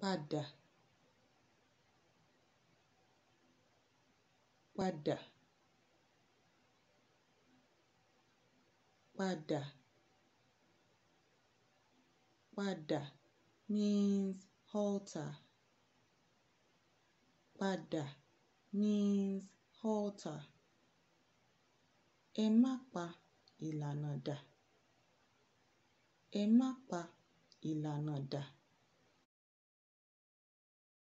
padà padà padà padà means alter padà means alter ẹ má pa ìlànà dà ẹ má pa ìlànà dà.